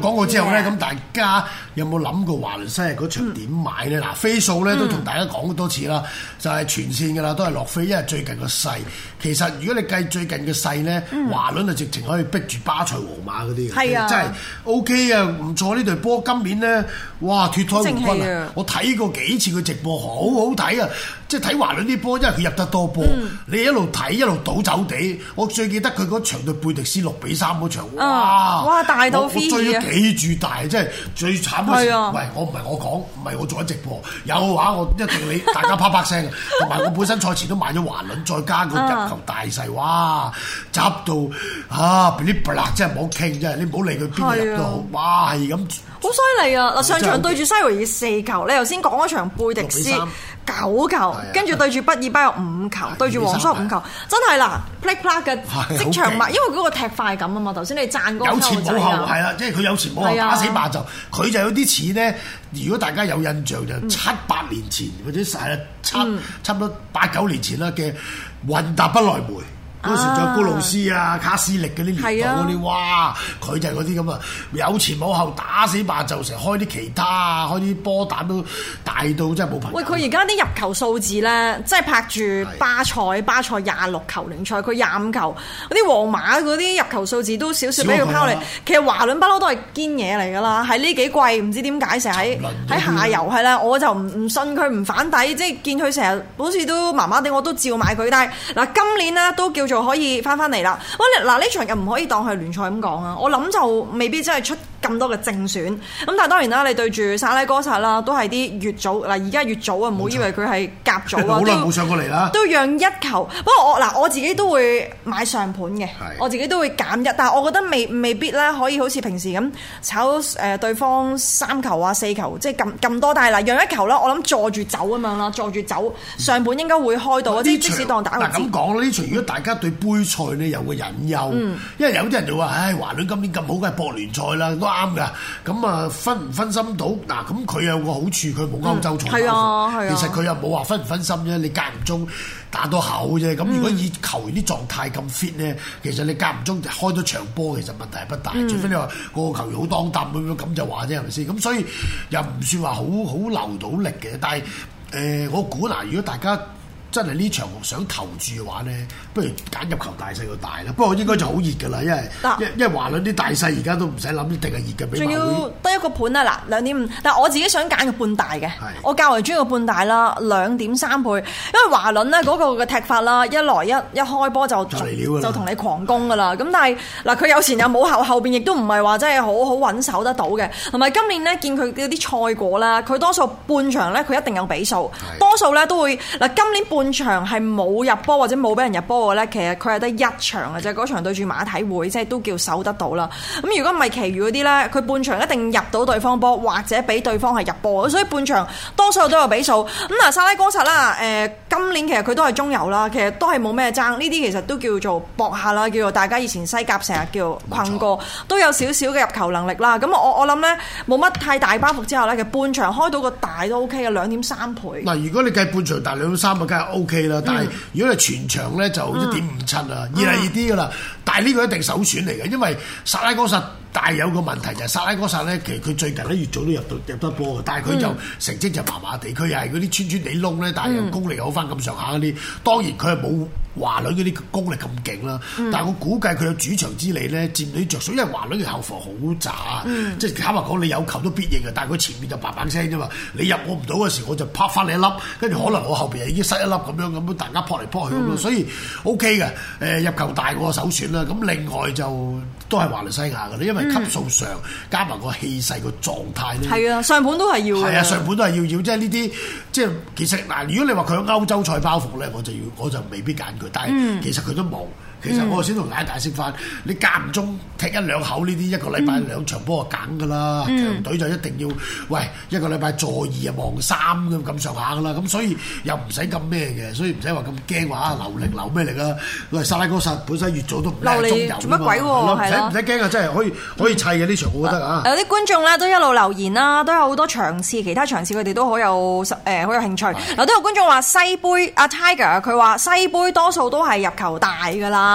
講過之後呢，咁 Yeah. 大家有冇諗過華倫西日嗰場點買呢？嗱、mm. 呃，飛數呢都同大家講好多次啦，mm. 就係全線嘅啦，都係落飛，因為最近個勢，其實如果你計最近嘅勢呢，mm. 華倫就直情可以逼住巴塞那、皇馬嗰啲嘅，真係 OK 啊，唔錯呢隊波。今年呢，哇，脫胎換骨啊！我睇過幾次佢直播，好好睇啊！即係睇華倫啲波，因為佢入得多波。嗯、你一路睇一路倒走地。我最記得佢嗰場對貝迪斯六比三嗰場，哇！哇大到飛啊！我追咗幾注大，即係最慘嗰時。啊、喂，我唔係我講，唔係我做緊直播。有嘅、啊、話，我一定你大家啪啪聲。同埋 我本身賽前都買咗華倫，再加佢入球大勢，哇！執到啊噼哩啪啦，真係冇傾啫。你唔好理佢邊入都好，哇係咁。好犀利啊！嗱、啊，上場對住西維爾四球，你頭先講嗰場貝迪斯。九球，跟住對住畢爾巴有五球，對住王叔五球，真係啦！play plug 嘅職場物，因為嗰個踢快感啊嘛。頭先你讚嗰個，係啦，即係佢有前冇後，打死馬就佢就有啲錢咧。如果大家有印象就七八年前或者係啊七差唔多八九年前啦嘅雲達不來梅，嗰時就高盧斯啊、卡斯力嗰啲年代啊，啲，哇！佢就係嗰啲咁啊，有前冇後，打死霸就成日，開啲其他啊，開啲波膽都大到真係冇朋友。喂，佢而家啲入球數字咧，嗯、即係拍住巴塞，是巴塞廿六球聯賽，佢廿五球。嗰啲皇馬嗰啲入球數字都少少咧，畀佢拋嚟。其實華倫不嬲都係堅嘢嚟㗎啦，喺呢幾季唔知點解成日喺喺下游係啦，我就唔唔信佢唔反底，即係見佢成日好似都麻麻地，我都照買佢。但係嗱，今年呢，都叫。就可以翻翻嚟啦。喂，嗱呢場又唔可以當係聯賽咁講啊！我諗就未必真係出。咁多嘅正選，咁但係當然啦，你對住沙拉哥薩啦，都係啲乙組嗱，而家乙組啊，唔好以為佢係甲組啊，好耐冇上過嚟啦，都讓一球。不過我嗱，我自己都會買上盤嘅，是的 我自己都會減一，但係我覺得未未必啦，可以好似平時咁炒誒對方三球啊、四球，即係咁咁多。但係嗱，讓一球啦，我諗坐住走咁樣啦，坐住走上盤應該會開到。即、嗯、即使當打嗱咁講呢場如果大家對杯賽咧有個隱憂，嗯、因為有啲人就話，唉、哎，華倫今年咁好嘅博、係、聯賽啦。啱噶，咁啊分唔分心到嗱？咁、啊、佢有個好處，佢冇歐洲重包袱。嗯啊啊、其實佢又冇話分唔分心啫，你間唔中打多口啫。咁如果以球員啲狀態咁 fit 咧、嗯，其實你間唔中就開咗場波，其實問題係不大。嗯、除非你話個球員好當擔咁就話啫，係咪先？咁所以又唔算話好好留到力嘅。但係誒、呃，我估嗱、啊，如果大家。真係呢場想投注嘅話呢，不如揀入球大細個大啦。不過應該就好熱㗎啦，因為因為、啊、因為華倫啲大細而家都唔使諗，一定係熱嘅。仲要得一個盤啊！嗱，兩點五，但係我自己想揀個半大嘅，是我較為中意個半大啦，兩點三倍。因為華倫呢嗰個嘅踢法啦，一來一一開波就了了就同你狂攻㗎啦。咁但係嗱，佢有前又冇後後邊，亦都唔係話真係好好揾守得到嘅。同埋今年呢，見佢啲賽果啦，佢多數半場呢，佢一定有比數，是多數呢都會嗱，今年半。半場係冇入波或者冇俾人入波嘅呢？其實佢係得一場嘅啫。嗰場對住馬體會，即係都叫守得到啦。咁如果唔係，其餘嗰啲呢，佢半場一定入到對方波或者俾對方係入波。所以半場多數都有比數。咁嗱，沙拉哥薩啦，誒、呃，今年其實佢都係中游啦，其實都係冇咩爭。呢啲其實都叫做博客啦，叫做大家以前西甲成日叫困過，錯都有少少嘅入球能力啦。咁我我諗呢，冇乜太大包袱之後呢，其實半場開到個大都 OK 嘅，兩點三倍。嗱，如果你計半場大兩三嘅，O K 啦，但係 Okay ,、嗯、如果你全場咧就、嗯、一點五七啦，二係二啲噶啦，但係呢個一定係首選嚟嘅，因為薩拉哥薩。但係有個問題就係、是、薩拉哥薩咧，其實佢最近咧越早都入到入得波嘅，但係佢就成績就麻麻地，佢又係嗰啲穿穿地窿咧，但係個功，、嗯、功力好翻咁上下嗰啲。當然佢係冇華女嗰啲功力咁勁啦，但係我估計佢有主場之利咧，佔你着水。因為華女嘅後防好渣，即係、嗯、坦白講你有球都必應嘅，但係佢前面就嘭嘭聲啫嘛。你入我唔到嘅時候，我就啪 o 翻你一粒，跟住可能我後邊已經塞一粒咁樣咁樣，樣大家撲嚟撲去咁咯。嗯、所以 OK 嘅，誒、呃、入球大個首選啦。咁另外就都係華倫西亞嘅咧，因為。嗯、級數上，加埋個氣勢個狀態咧，係啊，上盤都係要。係啊，上盤都係要要，即係呢啲，即係其實嗱，如果你話佢有歐洲菜包袱咧，我就要，我就未必揀佢，但係其實佢都冇。嗯其實我先同奶大食飯，你間唔中踢一兩口呢啲，一個禮拜兩場波就揀噶啦，嗯、隊就一定要喂一個禮拜坐二啊望三咁咁上下噶啦，咁所以又唔使咁咩嘅，所以唔使話咁驚話流力流咩嚟㗎。喂，沙拉哥薩本身越早都唔夠，做乜鬼喎？唔使唔使驚啊，真係可以可以砌嘅呢場，我覺得啊。有啲觀眾咧都一路留言啦，都有好多場次，其他場次佢哋都好有誒好、呃、有興趣。嗱，都有觀眾話西杯阿、啊、Tiger 佢話西杯多數都係入球大噶啦。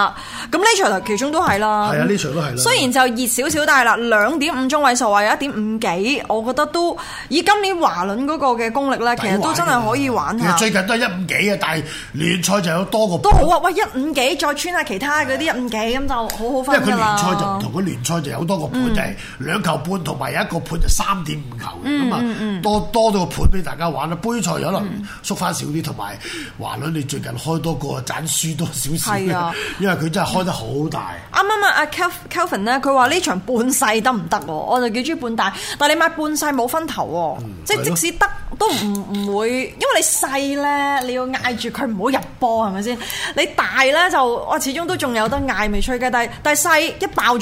咁呢場其中都係啦，係啊，呢場都係啦。雖然就熱少少，但係啦，兩點五中位數話有一點五幾，我覺得都以今年華倫嗰個嘅功力咧，其實都真係可以玩下。其實最近都係一五幾啊，但係聯賽就有多個盤。都好啊，喂，一五幾再穿下其他嗰啲一五幾咁就好好返。因為佢聯賽就唔同佢聯賽就有多個盤，嗯、就係兩球半，同埋有個盤一個盤就三點五球咁啊，多多咗個盤俾大家玩啊。杯賽可能縮翻少啲，同埋華倫你最近開多個盞輸多少少。的因為佢真係開得好大。啱啱啊，Kelvin 咧，佢話呢場半細得唔得？我就幾中意半大，但係你買半細冇分頭，嗯、即是的 即使得都唔唔會，因為你細咧，你要嗌住佢唔好入波，係咪先？你大咧就我始終都仲有得嗌未吹雞，但係但係細一爆咗，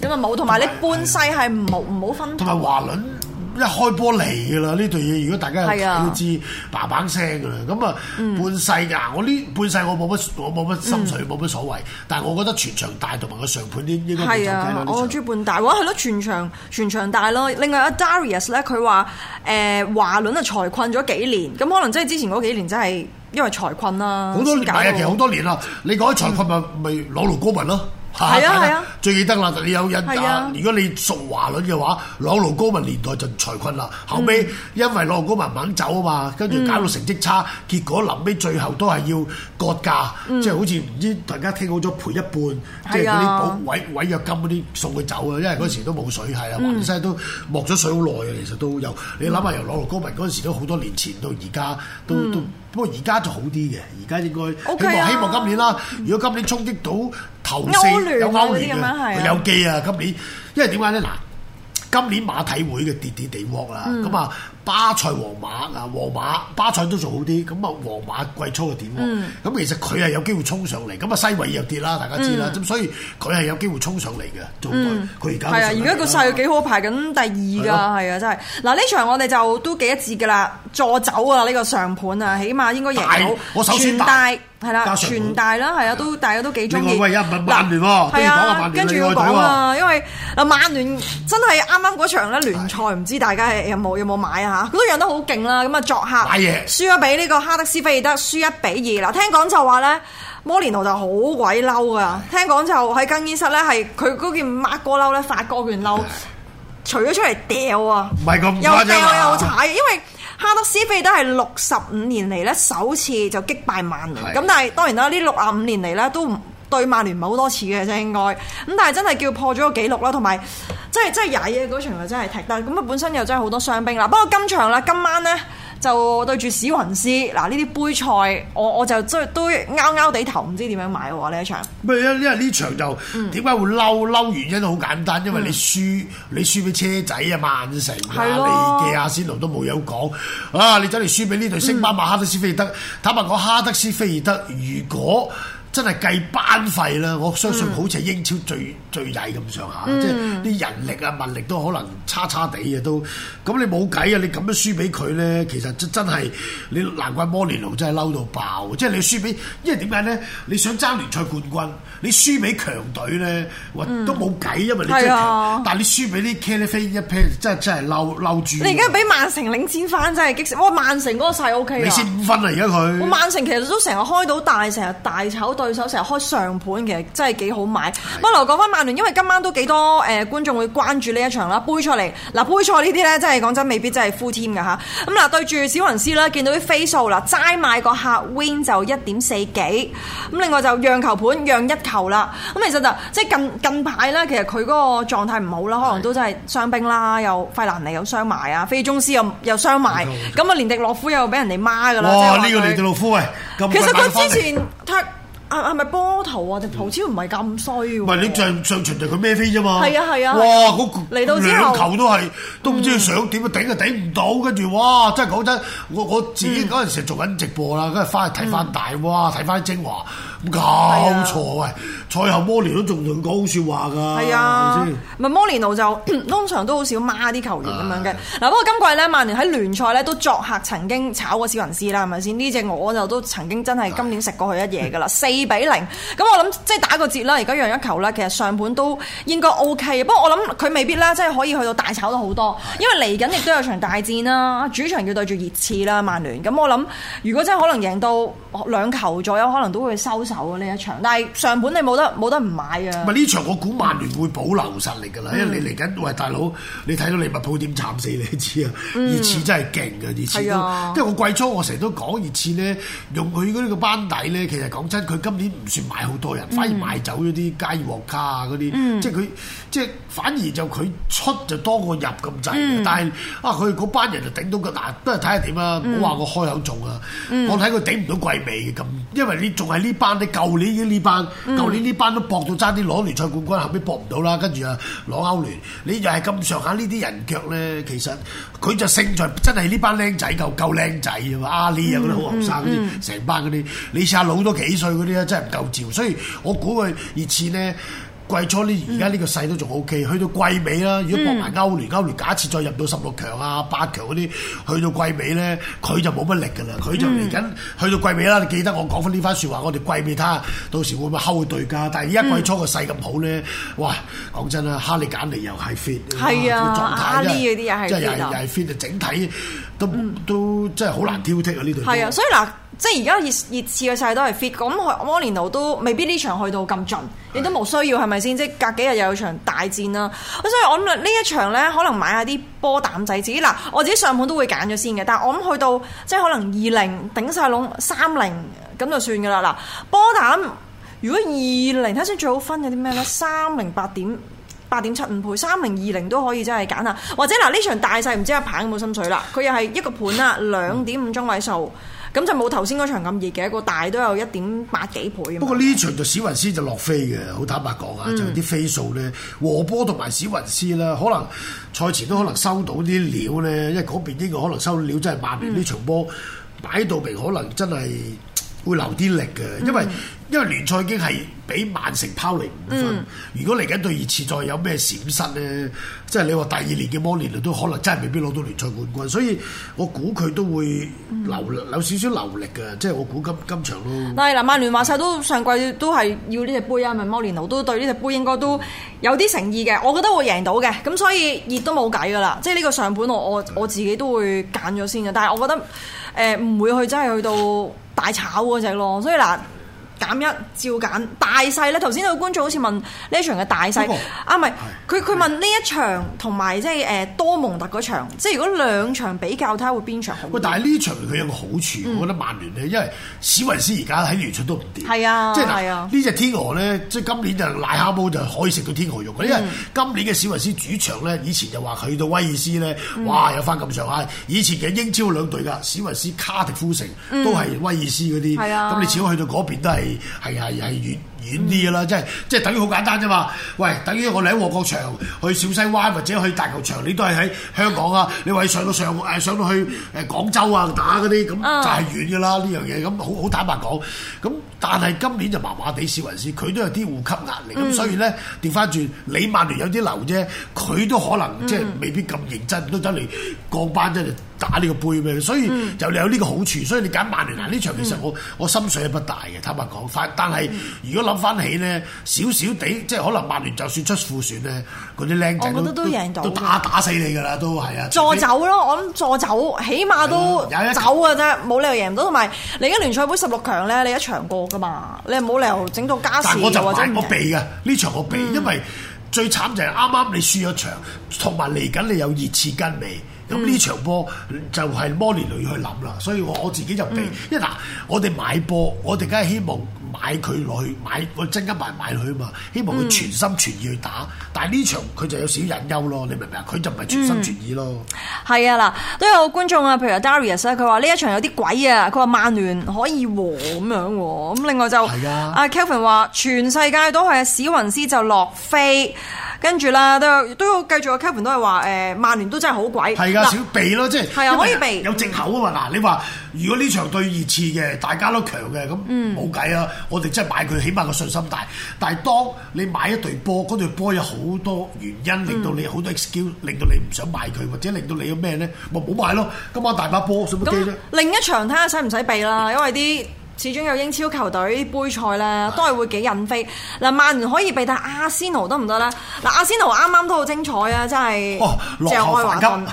噉就冇。同埋你半細係唔好唔好分頭，同埋華倫。一開波嚟噶啦，呢對嘢如果大家有投知，bang bang 聲噶啦。咁啊半世啊，我呢半世我冇乜我冇乜心水，冇乜、嗯、所謂。但係我覺得全場大同埋個上盤應應該。係是啊，這場 我中半大喎，係、嗯、咯，全場全場大咯。另外阿 Darius 咧，佢話誒華倫啊財困咗幾年，咁可能真係之前嗰幾年真係因為財困啦。好多年，啊、其實好多年啦。你講財困咪咪攞朗奴高文啦。係啊，最記得啦！你有印啊，如果你熟華倫嘅話，朗奴高文年代就財困啦。後尾因為朗奴高文唔肯走啊嘛，跟住搞到成績差，結果臨尾最後都係要割價，即係好似唔知大家聽好咗賠一半，即係嗰啲補違違約金嗰啲送佢走啊。因為嗰時都冇水係啊，華倫西都冪咗水好耐啊。其實都有你諗下由朗奴高文嗰時都好多年前到而家都都，不過而家就好啲嘅，而家應該希望希望今年啦，如果今年衝擊到。頭四有歐聯嘅，有機啊，啊！今年，因為點解呢？嗱，今年馬體會嘅跌跌地跌啦，咁、嗯、啊。巴塞、皇馬嗱，皇馬、巴塞都做好啲，咁啊皇馬季初又點喎？咁其實佢係有機會衝上嚟，咁啊西維又跌啦，大家知啦，咁所以佢係有機會衝上嚟嘅。嗯，佢而家係啊，而家個勢幾好，排緊第二㗎，係啊，真係嗱呢場我哋就都幾一致㗎啦，助走啊呢個上盤啊，起碼應該贏到。我首先大係啦，全大啦，係啊，都大家都幾中意。另外，喂，又問曼聯喎，跟住講下曼聯啊，跟住要講啊，因為啊曼聯真係啱啱嗰場咧聯賽，唔知大家係有冇有冇買啊？佢都養得好勁啦，咁啊作客輸咗俾呢個哈德斯菲爾德，輸一比二啦。聽講就話咧，摩連奴就好鬼嬲噶。是的 聽講就喺更衣室咧，係佢嗰件孖哥褸咧，發哥件褸，除咗是的 出嚟掉啊！唔係咁又掉又踩。因為哈德斯菲爾德係六十五年嚟咧，首次就擊敗曼聯。咁是的 但係當然啦，呢六十五年嚟咧都唔。對曼聯唔係好多次嘅啫，應該咁，但係真係叫破咗，個記錄啦，同埋真係即係曳嘅嗰場又真係踢得咁啊！本身又真係好多傷兵嗱，不過今場啦，今晚咧就對住史雲斯嗱，呢啲杯賽我我就即係都拗拗地頭，唔知點樣買喎呢一場。唔係因因為呢場就點解、嗯、會嬲嬲？原因好簡單，因為你輸、嗯、你輸俾車仔啊，曼城啊，你嘅阿仙奴都冇有講啊，嗯、你真係輸俾呢隊升班馬，馬哈德斯菲爾德。坦白講，哈德斯菲爾德如果真係計班費啦！我相信好似英超最、嗯、最曳咁上下，嗯、即係啲人力啊、物力都可能差差哋啊。都。咁你冇計啊！你咁樣輸俾佢咧，其實真真係你難怪摩連奴真係嬲到爆。即係你輸俾，因為點解咧？你想爭聯賽冠軍，你輸俾強隊咧，都冇計，因為你真係。嗯啊、但係你輸俾啲 Califey 一 pair 真真係嬲嬲住。你而家俾曼城領先翻，真係激死！哇、哦，曼城嗰個勢 O K 你先五分啊，而家佢。我曼城其實都成日開到大，成日大炒。對手成日開上盤，其實真係幾好買。咁留講翻曼聯，因為今晚都幾多誒、呃、觀眾會關注呢一場啦。杯賽嚟，嗱，杯賽呢啲咧，真係講真，真，未必真係 full team 嘅吓。咁、啊、嗱，對住小雲斯啦，見到啲飛數啦，齋買個客 win 就一點四幾。咁另外就讓球盤，讓一球啦。咁其實就即、是、係近近排咧，其實佢嗰個狀態唔好啦，可能都真係傷兵啦，又費蘭尼又傷埋啊，費中斯又又傷埋，咁啊、哦、好連迪洛夫又俾人哋孖噶啦。呢哇個連迪洛夫喂，其實佢之前他。啊，係咪波頭啊？定、啊、浦超唔係咁衰？唔係、嗯、你上上傳就佢咩飛啫嘛？係啊係啊！哇，嗰嚟到兩球都係都唔知佢想點，頂啊頂唔到，跟住哇！真係講真，我我自己嗰陣時做緊直播啦，跟住翻去睇翻大鑊！睇翻啲精華。咁搞錯啊！賽後摩連都仲同講好說話㗎，係啊，唔係摩連奴就通常都好少罵啲球員咁樣嘅。嗱、啊，不過今季咧，曼聯喺聯賽咧都作客曾經炒過史雲斯啦，係咪先？呢隻我就都曾經真係今年食過佢一嘢㗎啦，四比零。咁我諗即係打個折啦，而家讓一球啦，其實上盤都應該 O K。不過我諗佢未必啦，即係可以去到大炒到好多，因為嚟緊亦都有場大戰啦，主場要對住熱刺啦，曼聯。咁我諗如果真係可能贏到兩球左右，可能都會收。呢一場，但係上盤你冇得冇得唔買啊！咪呢場我估曼聯會保留實力㗎啦，嗯、因為你嚟緊喂大佬，你睇到利物浦點慘死你，你知啊、嗯！熱刺真係勁㗎，熱刺都，因為我季初我成日都講熱刺咧，用佢嗰啲個班底咧，其實講真，佢今年唔算買好多人，反而賣走咗啲加爾獲加啊嗰啲，即係佢即係反而就佢出就多過入咁滯、嗯、但係啊，佢嗰班人就頂到個嗱，都係睇下點啊。唔好話我開口中啊，嗯、我睇佢頂唔到季尾嘅咁，因為你仲係呢班。你舊年已呢班，舊、嗯、年呢班都搏到爭啲攞聯賽冠軍，後尾搏唔到啦。跟住啊，攞歐聯，你又係咁上下呢啲人腳咧，其實佢就勝在真係呢班僆仔夠夠僆仔啊嘛，阿里啊好後生嗰啲，成班嗰啲，你試下老咗幾歲嗰啲咧，真係唔夠潮。所以，我以，我估佢下次咧。季初呢，而家呢個勢都仲 OK，去到季尾啦。如果博埋歐聯，歐聯假設再入到十六強啊、八強嗰啲，去到季尾咧，佢就冇乜力噶啦。佢就嚟緊去到季尾啦。你記得我講翻呢番説話，我哋季尾睇下，到時會唔會後退㗎？但係而家季初個勢咁好咧，哇！講真啦，哈利簡尼又係 fit，係啊，哈利嗰啲即係又係又係 fit，整體都都即係好難挑剔啊呢隊。係啊，所以啦。即係而家熱熱刺嘅勢都係 fit，咁摩連奴都未必呢場去到咁盡，亦都冇需要係咪先？即係隔幾日又有場大戰啦。所以我諗呢一場咧，可能買下啲波膽仔自己。嗱，我自己上盤都會揀咗先嘅，但係我諗去到即係可能二零頂晒籠三零咁就算噶啦。嗱，波膽如果二零睇先最好分嘅啲咩咧？三零八點八點七五倍，三零二零都可以真係揀下，或者嗱呢場大細唔知阿鵬有冇心水啦？佢又係一個盤啦，兩點五中位數。咁就冇頭先嗰場咁熱嘅，一個大都有一點八幾倍。不過呢場就史雲斯就落飛嘅，好坦白講啊，嗯、就啲飛數咧，和波同埋史雲斯啦，可能賽前都可能收到啲料咧，因為嗰邊應該可能收到料真係萬年呢場波、嗯、擺到明，可能真係會留啲力嘅，因為，嗯因為聯賽已經係比曼城拋離五分，嗯、如果嚟緊對熱刺再有咩閃失咧，即係你話第二年嘅摩連奴都可能真係未必攞到聯賽冠軍，所以我估佢都會留、嗯、有少少留力嘅，即、就、係、是、我估今今場咯。係嗱，曼聯話晒都上季都係要呢隻杯啊，咪摩連奴都對呢隻杯應該都有啲誠意嘅，我覺得會贏到嘅，咁所以熱都冇計噶啦，即係呢個上盤我我是的 我自己都會揀咗先嘅，但係我覺得誒唔、呃、會去真係去到大炒嗰隻咯，所以嗱。啊減一照減大細啦！頭先個觀眾好似問呢場嘅大細啊，唔係佢佢問呢一場同埋即係誒多蒙特嗰場，即係如果兩場比較睇下會邊場好。喂！但係呢場佢有個好處，我覺得曼聯咧，因為史雲斯而家喺聯賽都唔掂，係啊，即係呢隻天鵝咧，即係今年就賴下煲就可以食到天鵝肉。因為今年嘅史雲斯主場咧，以前就話去到威爾斯咧，哇有翻咁上下。以前嘅英超兩隊噶史雲斯卡迪夫城都係威爾斯嗰啲，咁你始終去到嗰邊都係。係係係遠遠啲啦，即係即係等於好簡單啫嘛。喂，等於我哋喺旺角場去小西灣或者去大球場，你都係喺香港啊。你話上到上誒，上到去誒廣州啊打嗰啲，咁就係遠噶啦呢樣嘢。咁好好坦白講，咁但係今年就麻麻地試一試，佢都有啲護級壓力。咁、mm. 所以咧，調翻轉你曼聯有啲流啫，佢都可能、mm. 即係未必咁認真，都等嚟降班真嘅。打呢個杯畀你，所以就你有呢個好處，所以你揀曼聯嗱呢場，其實我、嗯、我心水係不大嘅。坦白講，反但係如果諗翻起咧，少少地即係可能曼聯就算出副選咧，嗰啲僆仔都我都，贏到都打打死你㗎啦，都係啊！助走咯，我諗助走，起碼都走㗎啫，冇理由贏唔到。同埋你而家聯賽杯十六強咧，你一場過㗎嘛，你係冇理由整到加時。我就話，我避，我避㗎呢場，我避，嗯、因為最慘就係啱啱你輸咗場，同埋嚟緊你有熱刺跟尾。咁呢、嗯、場波就係摩連奴去諗啦，所以我我自己就避，嗯、因為嗱，我哋買波，我哋梗係希望買佢落去，買我增加埋買佢啊嘛，希望佢全心全意去打。嗯、但係呢場佢就有少少隱憂咯，你明唔明啊？佢就唔係全心全意咯。係、嗯、啊，嗱，都有個觀眾啊，譬如阿 Darius 啊，佢話呢一場有啲鬼啊，佢話曼聯可以和咁樣喎，咁另外就阿 Kelvin 話全世界都係史雲斯就落飛。跟住啦，都都要繼續個 covering 都係話誒，曼、欸、聯都真係好鬼，係噶少避咯，即係係啊，可以避有藉口啊嘛嗱，你話如果呢場對熱刺嘅大家都強嘅咁，冇計啊，嗯、我哋真係買佢，起碼個信心大。但係當你買一隊波，嗰隊波有好多原因令到你好多 excuse 令到你唔想買佢，或者令到你有咩咧，咪冇買咯。今晚大把波，使乜驚啫？嗯、另一場睇下使唔使避啦，因為啲。始終有英超球隊杯賽咧，都係會幾引飛嗱。曼聯可以被帶阿仙奴得唔得咧？嗱，阿仙奴啱啱都好精彩啊，真係，即係愛華頓。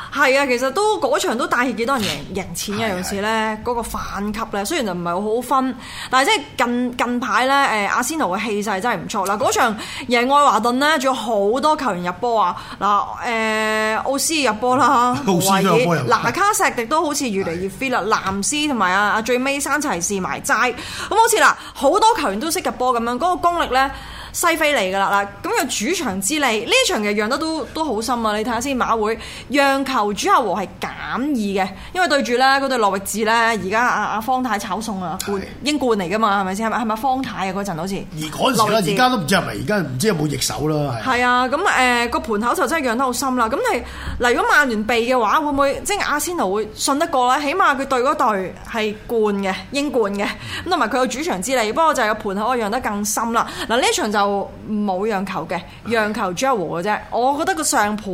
係啊，其實都嗰場都帶起幾多人贏贏錢嘅。有時咧，嗰個反級咧，雖然就唔係好好分，但係即係近近排咧，誒阿仙奴嘅氣勢真係唔錯啦！嗰場贏愛華頓咧，仲有好多球員入波啊！嗱、呃，誒奧斯入波啦，或者拿卡石迪都好似越嚟越 fit 啦，藍斯同埋啊，阿最尾山齊士埋齋，咁好似嗱好多球員都識入波咁樣，嗰、嗰個功力咧。西非嚟噶啦嗱，咁有主場之利，呢場嘅讓得都都好深啊！你睇下先，馬會讓球主客和係減二嘅，因為對住咧嗰對諾域治咧，而家阿阿方太炒送啊冠是英冠嚟噶嘛，係咪先係咪方太啊？嗰陣好似。而嗰時咧，而家都唔知係咪，而家唔知有冇逆手啦。係啊，咁誒個盤口就真係讓得好深啦。咁係嗱，如果曼聯避嘅話，會唔會即係、就是、阿仙奴會信得過咧？起碼佢對嗰對係冠嘅英冠嘅，咁同埋佢有主場之利，不過就係個盤口可以讓得更深啦。嗱呢場就是。就冇讓球嘅，讓球 j o e 嘅啫。我覺得個上盤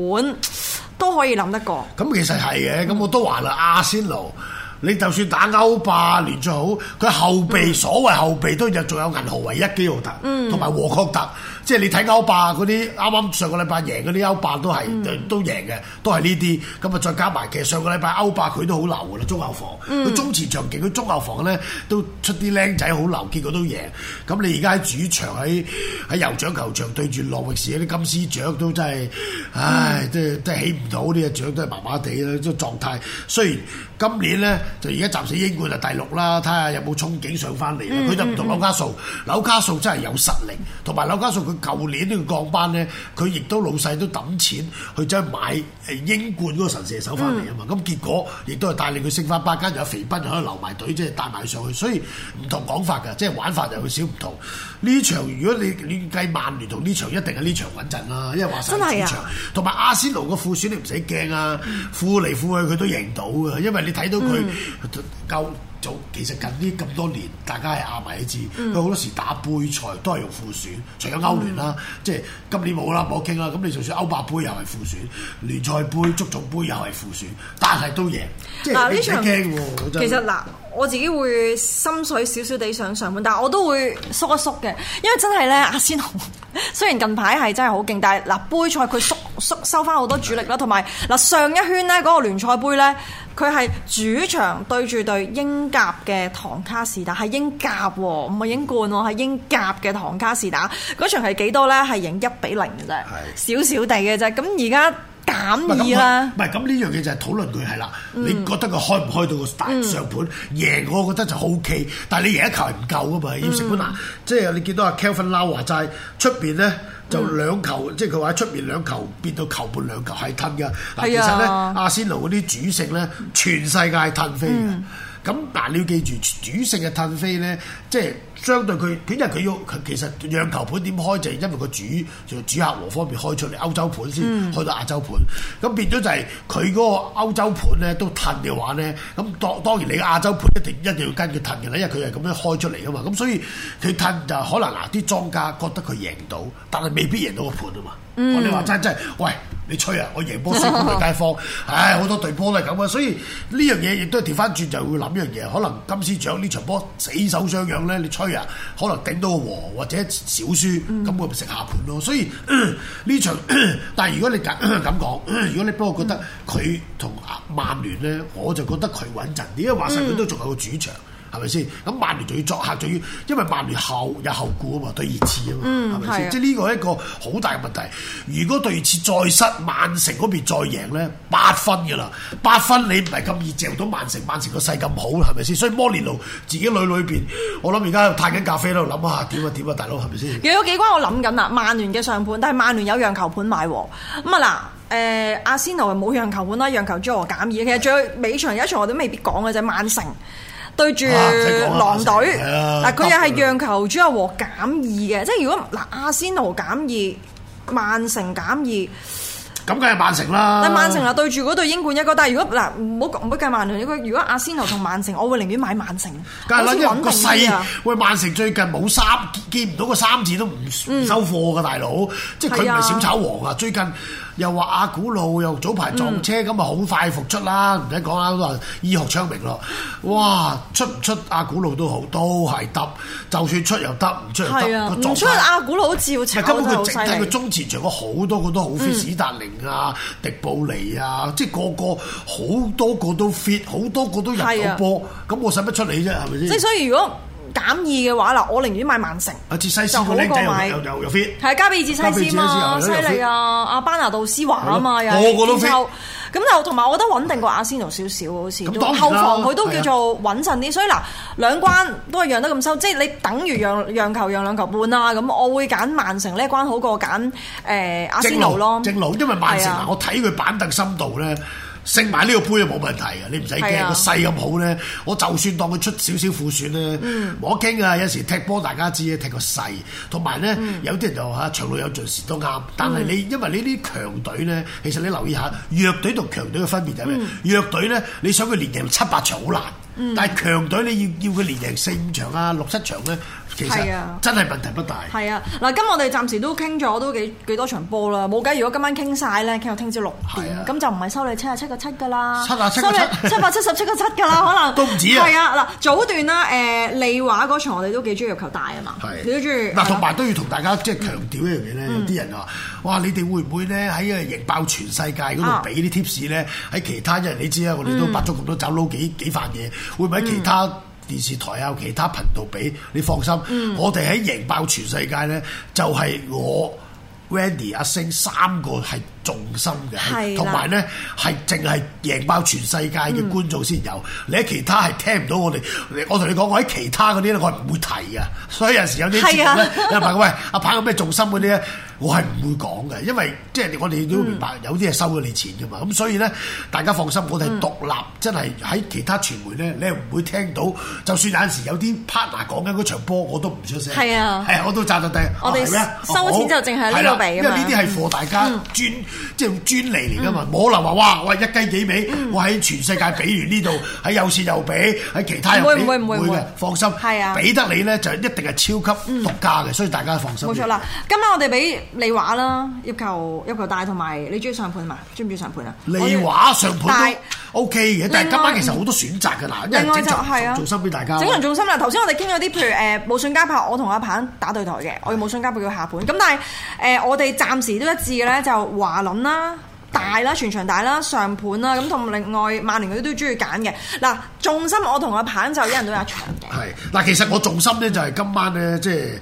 都可以諗得過。咁、嗯、其實係嘅，咁我都話啦，阿仙奴，你就算打歐霸聯賽好，佢後備、嗯、所謂後備都仲有銀河唯一基奧特，同埋、嗯、和克特。即係你睇歐霸嗰啲，啱啱上個禮拜贏嗰啲歐霸都係、嗯、都贏嘅，都係呢啲。咁啊，再加埋，其實上個禮拜歐霸佢都好流嘅啦，中後防，佢、嗯、中前場，其實佢中後防咧都出啲僆仔好流，結果都贏。咁你而家喺主場喺喺酋長球場對住諾域士啲金絲獎都真係，唉，即係即係起唔到呢嘅獎都係麻麻地啦。呢個狀態雖然今年咧就而家暫時英冠就第六啦，睇下有冇憧憬上翻嚟。佢就唔同紐卡素，紐卡素真係有實力，同埋紐卡素佢。舊年呢要降班咧，佢亦都老細都揼錢去將買英冠嗰個神射手翻嚟啊嘛，咁、嗯、結果亦都係帶領佢升翻班，跟住有肥斌可以留埋隊，即係帶埋上去，所以唔同講法㗎，即係玩法就有少少唔同。呢場如果你你計曼聯同呢場，一定係呢場穩陣啦，因為話真係主場同埋阿仙奴個副選你唔使驚啊，副嚟副去佢都贏到㗎，因為你睇到佢、嗯、夠。就其實近呢咁多年，大家係壓埋一字，佢好多時打杯賽都係用副選，嗯、除咗歐聯啦，嗯、即係今年冇啦，唔好傾啦。咁你就算歐霸杯又係副選，聯賽杯、足總杯又係副選，但係都贏。即係、啊、你唔驚喎，其實嗱、呃，我自己會心水少少地上上盤，但我都會縮一縮嘅，因為真係咧，阿仙奴。雖然近排係真係好勁，但係嗱、呃、杯賽佢縮。收翻好多主力啦，同埋嗱上一圈呢嗰個聯賽杯呢，佢係主場對住對英甲嘅唐卡士打，但係英甲喎，唔係英冠喎，係英甲嘅唐卡士打，嗰場係幾多呢？係贏一比零嘅啫，小小地嘅啫。咁而家。膽啊，唔係咁，呢樣嘢就係討論佢係啦。嗯、你覺得佢開唔開到個大上盤、嗯、贏？我覺得就 O K。但係你贏一球唔夠啊嘛，要食盤啊。嗯、即係你見到阿 Kelvin Lau 話齋，出邊咧就兩球，嗯、即係佢話出邊兩球變到球半兩球係吞㗎。其實咧，阿仙奴嗰啲主食咧，全世界吞飛嘅。嗯嗯咁但，你要記住，主勝嘅褪飛咧，即係相對佢，因為佢要，佢其實讓球盤點開就係因為個主就主客和方面開出嚟歐洲盤先開到亞洲盤，咁、嗯、變咗就係佢嗰個歐洲盤咧都褪嘅話咧，咁當當然你亞洲盤一定一定要跟佢褪嘅啦，因為佢係咁樣開出嚟啊嘛，咁所以佢褪就可能嗱啲莊家覺得佢贏到，但係未必贏到個盤啊嘛，我哋話齋真係喂。你吹啊！我贏波輸盤都街坊。 唉，好多隊波都係咁啊！所以呢樣嘢亦都係調翻轉，就會諗一樣嘢，可能金斯獎呢場波死手相養咧，你吹啊，可能頂到個和或者少輸，咁我咪食下盤咯。所以呢、嗯、場，但係如果你咁講，如果你不過覺得佢同曼聯咧，嗯、我就覺得佢穩陣啲，因為話曬佢都仲有個主場。嗯係咪先？咁曼聯仲要作客，仲要，因為曼聯後有後顧啊嘛，對熱刺啊嘛，係咪先？吧即係呢個係一個好大嘅問題。如果對熱刺再失，曼城嗰邊再贏咧，八分噶啦，八分你唔係咁易贏到曼城，曼城個勢咁好，係咪先？所以摩連奴自己裏裏邊，我諗而家嘆緊咖啡啦，諗下點啊點啊，大佬係咪先？又有幾關我諗緊啦，曼聯嘅上盤，但係曼聯有讓球盤買，咁啊嗱，誒、呃、阿仙奴係冇讓球盤啦，讓，讓球追和減二，其實最尾場有一場我都未必講嘅就係曼城。對住狼隊，嗱佢又係讓球主要和減二嘅，即係如果嗱阿仙奴減二，曼城減二，咁梗係曼城啦。但係曼城啊對住嗰對英冠一個，但係如果嗱唔好唔好計曼城呢個，如果阿仙奴同曼城，我會寧願買曼城。梗係啦，因為個勢，喂曼城最近冇三見唔到個三字都唔唔收貨噶，大佬，即係佢唔係小炒王啊，最近。又話阿古路又早排撞車，咁咪好快復出啦？唔使講啦，都話醫學昌明咯。哇！出唔出阿古路都好，都係得。就算出又得，唔出又得。是啊、個狀態唔出阿古路都照炒。根本佢整低佢中前場好多個都好 fit 史、嗯、達寧啊、迪布尼啊，即係個個好多個都 fit，好多個都入到波。咁是、啊、我使乜出你啫？係咪先？即係所以如果。減二嘅話嗱，我寧願買曼城，就好過買又又又 f 係加比爾西斯嘛，犀利啊！阿班拿杜斯華啊嘛，又個個都清。咁就同埋，我覺得穩定過阿仙奴少少，好似後防佢都叫做穩陣啲。所以嗱，兩關都係讓得咁收，即係你等於讓讓球讓兩球半啊。咁我會揀曼城呢關好過揀誒阿仙奴咯。正路，因為曼城我睇佢板凳深度咧。勝埋呢個杯就冇問題嘅，你唔使驚個勢咁好咧，我就算當佢出少少負選咧，冇得傾啊！有時踢波大家知啊，踢個勢，同埋咧有啲、嗯、人就話長路有盡時都啱，但係你因為呢啲強隊咧，其實你留意下弱隊同強隊嘅分別就係咩？弱隊咧、嗯，你想佢連贏七八場好難。但係強隊你要叫佢連贏四五場啊、六七場咧，其實真係問題不大。係啊，嗱，今日我哋暫時都傾咗都幾幾多場波啦，冇計如果今晚傾晒咧，傾到聽朝六點，咁就唔係收你七啊七個七㗎啦，收你七百七十七個七㗎啦，可能都唔止啊。係啊，嗱，早段啦，誒，利華嗰場我哋都幾中意入球大啊嘛，你都中意。嗱，同埋都要同大家即係強調一樣嘢咧，有啲人話。哇！你哋會唔會咧喺《啊贏爆全世界》嗰度俾啲 tips 咧？喺其他人，人你知啦，我哋都擺足咁多走樓，幾幾份嘢，會唔會喺其他電視台啊、嗯、其他頻道俾？你放心，嗯、我哋喺《贏爆全世界》咧，就係、是、我 Wendy 阿星三個係。重心嘅，同埋咧係淨係贏爆全世界嘅觀眾先有。你喺其他係聽唔到我哋，我同你講，我喺其他嗰啲咧，我係唔會提啊。所以有陣時有啲錢咧，阿鵬哥，喂，阿鵬咁咩重心嗰啲咧，我係唔會講嘅，因為即係我哋都明白有啲係收咗你錢㗎嘛。咁所以咧，大家放心，我哋獨立真係喺其他傳媒咧，你係唔會聽到。就算有陣時有啲 partner 講緊嗰場波，我都唔出聲。係啊，係我都扎到底。我哋收咗錢就淨喺呢度，因為呢啲係貨，大家轉。即係專利嚟噶嘛，冇可能話哇！我一雞幾尾，我喺全世界比完呢度，喺有線又比，喺其他人比，唔會嘅，放心。係啊，比得你咧就一定係超級獨家嘅，所以大家放心。冇錯啦，今晚我哋比利華啦，要求要求大，同埋你中意上盤嘛？中唔中意上盤啊？利華上盤 OK 但係今晚其實好多選擇噶啦，因就整場重心俾大家整人重心啦。頭先我哋傾咗啲，譬如誒無信加拍，我同阿彭打對台嘅，我用無信加俾佢下盤。咁但係誒，我哋暫時都一致嘅咧，就話。啦、啊，大啦、啊，全場大啦、啊，上盤啦、啊，咁同另外曼聯嗰啲都鍾意揀嘅。嗱、啊，重心我同阿棒就一人賭一場嘅。係，嗱、啊，其實我重心咧就係今晚咧，即、就、係、是、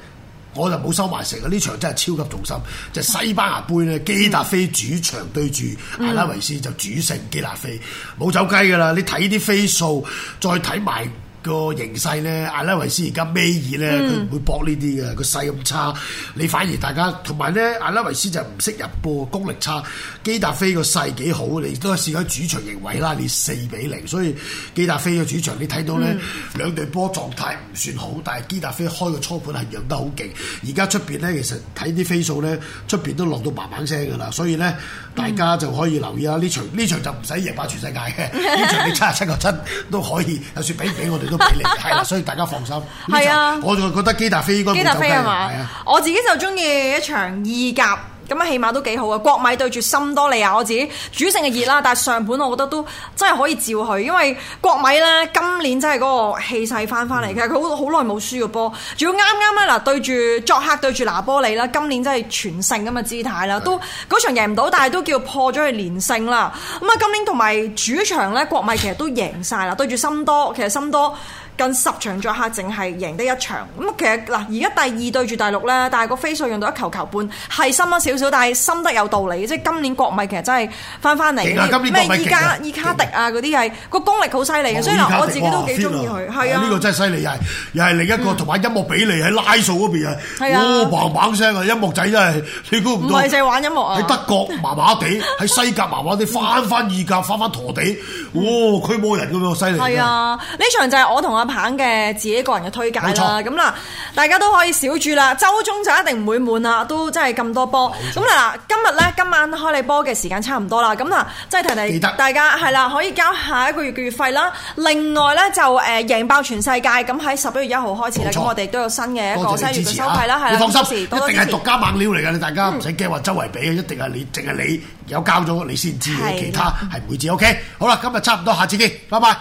我就冇收埋成啊！呢場真係超級重心，就是、西班牙杯咧，嗯、基達菲主場對住阿拉維斯就主勝基達菲，冇、嗯、走雞噶啦。你睇啲飛數，再睇埋。個形勢咧，阿拉維斯而家咩意咧？佢唔會搏呢啲嘅，佢勢咁差。你反而大家同埋咧，阿拉維斯就唔識入波，功力差。基達菲個勢幾好，你都試過喺主場贏位啦。你四比零。所以基達菲個主場你睇到咧，嗯、兩隊波狀態唔算好，但係基達菲開個初盤係贏得好勁。而家出面咧，其實睇啲飛數咧，出面都落到麻麻聲㗎啦。所以咧，大家就可以留意下呢場，呢場就唔使贏霸全世界嘅，呢 場你七十七個七都可以，就算俾唔俾我哋係啦，所以大家放心。係啊，我就覺得基達飛應該冇走雞。係啊，我自己就鍾意一場二甲。咁啊，起碼都幾好啊！國米對住森多利亞，我自己主勝嘅熱啦，但係上盤我覺得都真係可以照佢，因為國米呢，今年真係嗰個氣勢翻翻嚟，其實佢好好耐冇輸過波，仲要啱啱呢。嗱對住作客對住拿波利啦，今年真係全勝咁嘅姿態啦，都嗰場贏唔到，但係都叫破咗佢連勝啦。咁啊，今年同埋主場呢，國米其實都贏晒啦，對住森多，其實森多。近十場作客淨係贏得一場，咁啊其實嗱，而家第二對住第六咧，但係個飛數用到一球球半，係深咗少少，但係深得有道理嘅，即係今年國米其實真係翻翻嚟嘅。咩伊卡伊卡迪啊嗰啲係個功力好犀利嘅，所以嗱，我自己都幾中意佢。係啊，呢個真係犀利，又係又係另一個同埋音樂比利喺拉數嗰邊啊，哇砰砰聲啊，音樂仔真係你估唔到。唔係淨係玩音樂啊！喺德國麻麻地，喺西甲麻麻地，翻翻意甲，翻翻陀地。哦，佢冇人咁樣犀利。係、嗯、啊，呢場就係我同阿鵬嘅自己個人嘅推介啦。咁嗱錯，大家都可以小注啦。周中就一定唔會悶啦，都真係咁多波。咁嗱錯，今日咧今晚開你波嘅時間差唔多啦。咁嗱得，即係提提大家係啦、啊，可以交下一個月嘅月費啦。另外咧就誒、呃、贏爆全世界咁喺十一月一號開始咧，錯我哋都有新嘅一個西月嘅收費啦，係、啊、啦。放心，一定係獨家猛料嚟㗎，你大家唔使驚話周圍俾，一定係你，淨係你。有交咗你先知，嘅其他係唔會知。OK，好啦，今日差唔多，下次見，拜拜。